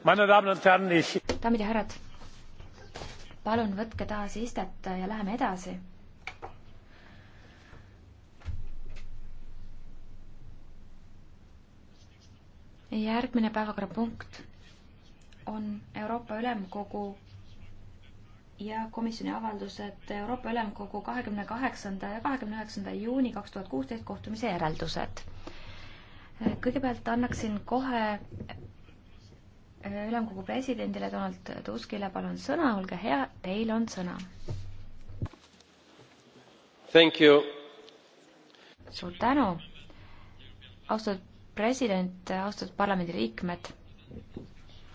daamid ja härrad, palun võtke taas istet ja läheme edasi. järgmine päevakorrapunkt on Euroopa Ülemkogu ja komisjoni avaldused Euroopa Ülemkogu kahekümne kaheksanda ja kahekümne üheksanda juuni kaks tuhat kuusteist kohtumise järeldused. kõigepealt annaksin kohe ülemkogu presidendile Donald Tuskile, palun sõna, olge hea, teil on sõna. suur tänu, austatud president, austatud parlamendiliikmed